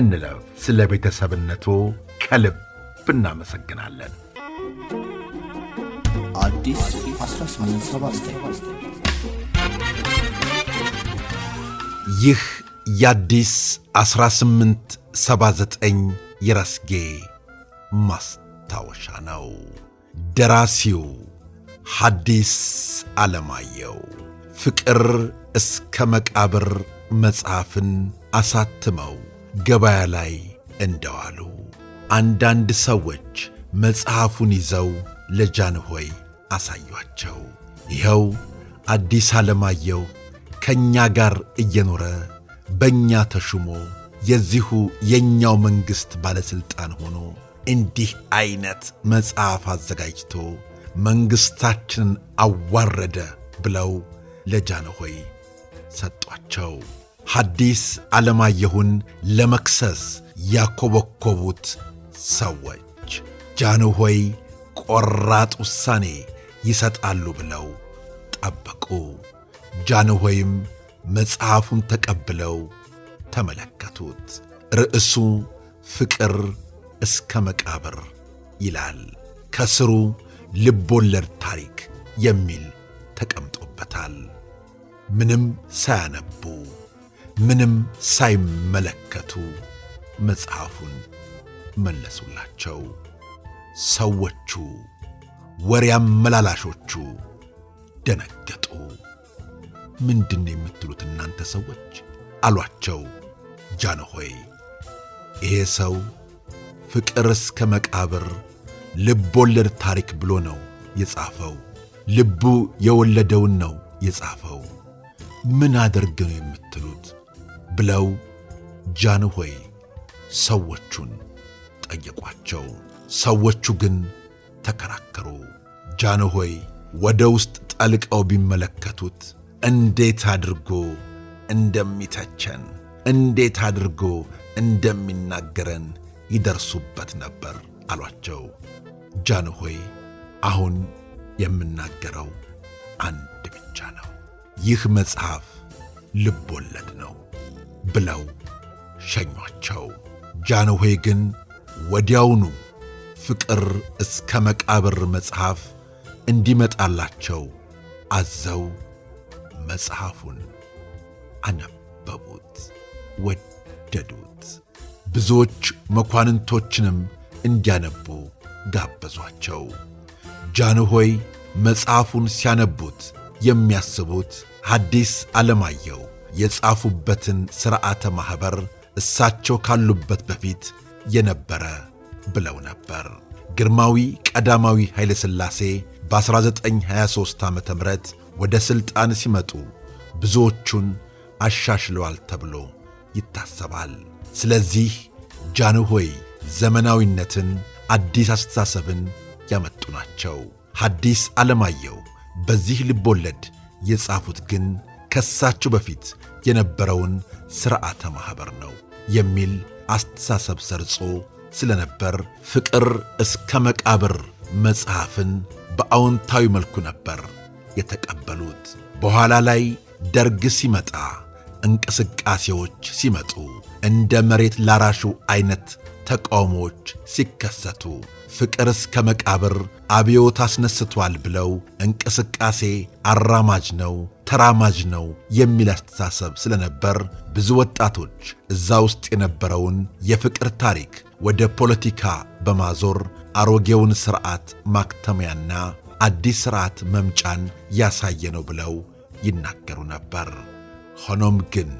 እንለፍ። ስለ ቤተሰብነቱ ከልብ እናመሰግናለን። ይህ የአዲስ 1879 የራስጌ ማስታወሻ ነው። ደራሲው ሐዲስ ዓለማየሁ ፍቅር እስከ መቃብር መጽሐፍን አሳትመው ገበያ ላይ እንደዋሉ አንዳንድ ሰዎች መጽሐፉን ይዘው ለጃንሆይ አሳዩአቸው። ይኸው አዲስ ዓለማየሁ ከእኛ ጋር እየኖረ በእኛ ተሹሞ የዚሁ የእኛው መንግሥት ባለሥልጣን ሆኖ እንዲህ ዐይነት መጽሐፍ አዘጋጅቶ መንግሥታችንን አዋረደ ብለው ለጃንሆይ ሰጧቸው። ሐዲስ ዓለማየሁን ለመክሰስ ያኮበኮቡት ሰዎች ጃንሆይ ቆራጥ ውሳኔ ይሰጣሉ ብለው ጠበቁ። ጃንሆይም መጽሐፉን ተቀብለው ተመለከቱት። ርዕሱ ፍቅር እስከ መቃብር ይላል። ከስሩ ልቦለድ ታሪክ የሚል ተቀምጦበታል። ምንም ሳያነቡ ምንም ሳይመለከቱ መጽሐፉን መለሱላቸው። ሰዎቹ ወሬ አመላላሾቹ ደነገጡ። ምንድን የምትሉት እናንተ ሰዎች አሏቸው ጃንሆይ። ይሄ ሰው ፍቅር እስከ መቃብር ወለድ ታሪክ ብሎ ነው የጻፈው። ልቡ የወለደውን ነው የጻፈው። ምን ነው የምትሉት ብለው ጃንሆይ ሰዎቹን ጠየቋቸው። ሰዎቹ ግን ተከራከሩ። ጃንሆይ ወደ ውስጥ ጠልቀው ቢመለከቱት እንዴት አድርጎ እንደሚተቸን እንዴት አድርጎ እንደሚናገረን ይደርሱበት ነበር አሏቸው። ጃንሆይ አሁን የምናገረው አንድ ብቻ ነው። ይህ መጽሐፍ ልብ ወለድ ነው። ብለው ሸኟቸው። ጃንሆይ ግን ወዲያውኑ ፍቅር እስከ መቃብር መጽሐፍ እንዲመጣላቸው አዘው መጽሐፉን አነበቡት፣ ወደዱት። ብዙዎች መኳንንቶችንም እንዲያነቡ ጋበዟቸው። ጃንሆይ መጽሐፉን ሲያነቡት የሚያስቡት ሐዲስ ዓለማየሁ የጻፉበትን ሥርዓተ ማኅበር እሳቸው ካሉበት በፊት የነበረ ብለው ነበር። ግርማዊ ቀዳማዊ ኃይለ ሥላሴ በ1923 ዓ ም ወደ ሥልጣን ሲመጡ ብዙዎቹን አሻሽለዋል ተብሎ ይታሰባል። ስለዚህ ጃንሆይ ዘመናዊነትን፣ አዲስ አስተሳሰብን ያመጡ ናቸው። ሐዲስ ዓለማየሁ በዚህ ልቦለድ የጻፉት ግን ከሳቸው በፊት የነበረውን ሥርዓተ ማኅበር ነው የሚል አስተሳሰብ ሰርጾ ስለነበር ፍቅር እስከ መቃብር መጽሐፍን በአዎንታዊ መልኩ ነበር የተቀበሉት። በኋላ ላይ ደርግ ሲመጣ እንቅስቃሴዎች ሲመጡ እንደ መሬት ላራሹ አይነት ተቃውሞዎች ሲከሰቱ ፍቅር እስከ መቃብር አብዮት አስነስቷል ብለው እንቅስቃሴ አራማጅ ነው ተራማጅ ነው የሚል አስተሳሰብ ስለነበር ብዙ ወጣቶች እዛ ውስጥ የነበረውን የፍቅር ታሪክ ወደ ፖለቲካ በማዞር አሮጌውን ሥርዓት ማክተሚያና አዲስ ሥርዓት መምጫን ያሳየ ነው ብለው ይናገሩ ነበር። ሆኖም ግን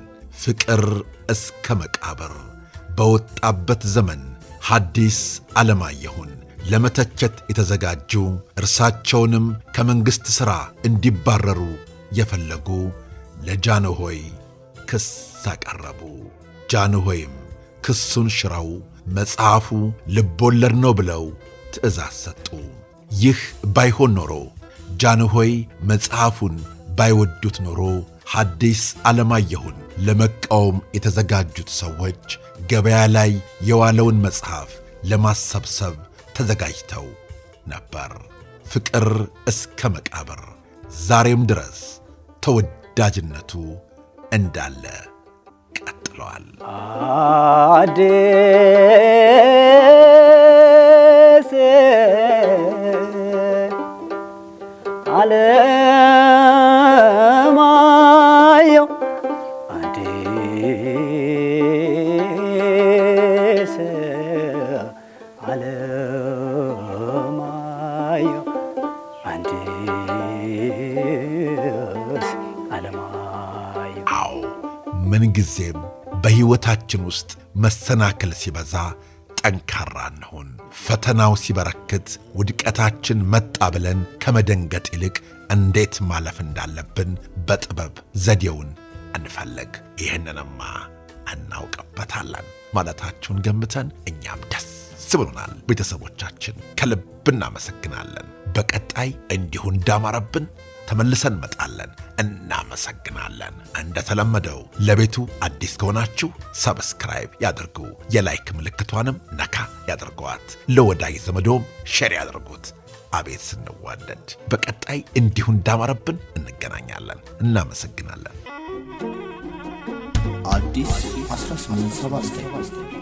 ፍቅር እስከ መቃብር በወጣበት ዘመን ሐዲስ ዓለማየሁን ለመተቸት የተዘጋጁ እርሳቸውንም ከመንግሥት ሥራ እንዲባረሩ የፈለጉ ለጃንሆይ ክስ አቀረቡ። ጃንሆይም ክሱን ሽረው መጽሐፉ ልቦለድ ነው ብለው ትእዛዝ ሰጡ። ይህ ባይሆን ኖሮ ጃንሆይ መጽሐፉን ባይወዱት ኖሮ ሐዲስ ዓለማየሁን ለመቃወም የተዘጋጁት ሰዎች ገበያ ላይ የዋለውን መጽሐፍ ለማሰብሰብ ተዘጋጅተው ነበር። ፍቅር እስከ መቃብር ዛሬም ድረስ ተወዳጅነቱ እንዳለ ቀጥለዋል። አዲስ አለማየሁ አዲስ ምንጊዜም በሕይወታችን ውስጥ መሰናክል ሲበዛ ጠንካራ እንሁን። ፈተናው ሲበረክት ውድቀታችን መጣ ብለን ከመደንገጥ ይልቅ እንዴት ማለፍ እንዳለብን በጥበብ ዘዴውን እንፈልግ። ይህንንማ እናውቅበታለን ማለታችሁን ገምተን እኛም ደስ ብሎናል። ቤተሰቦቻችን ከልብ እናመሰግናለን። በቀጣይ እንዲሁ እንዳማረብን ተመልሰን እንመጣለን። እናመሰግናለን። እንደተለመደው ለቤቱ አዲስ ከሆናችሁ ሰብስክራይብ ያድርጉ። የላይክ ምልክቷንም ነካ ያድርገዋት፣ ለወዳጅ ዘመዶም ሼር ያድርጉት። አቤት ስንዋደድ! በቀጣይ እንዲሁ እንዳማረብን እንገናኛለን። እናመሰግናለን። አዲስ 1879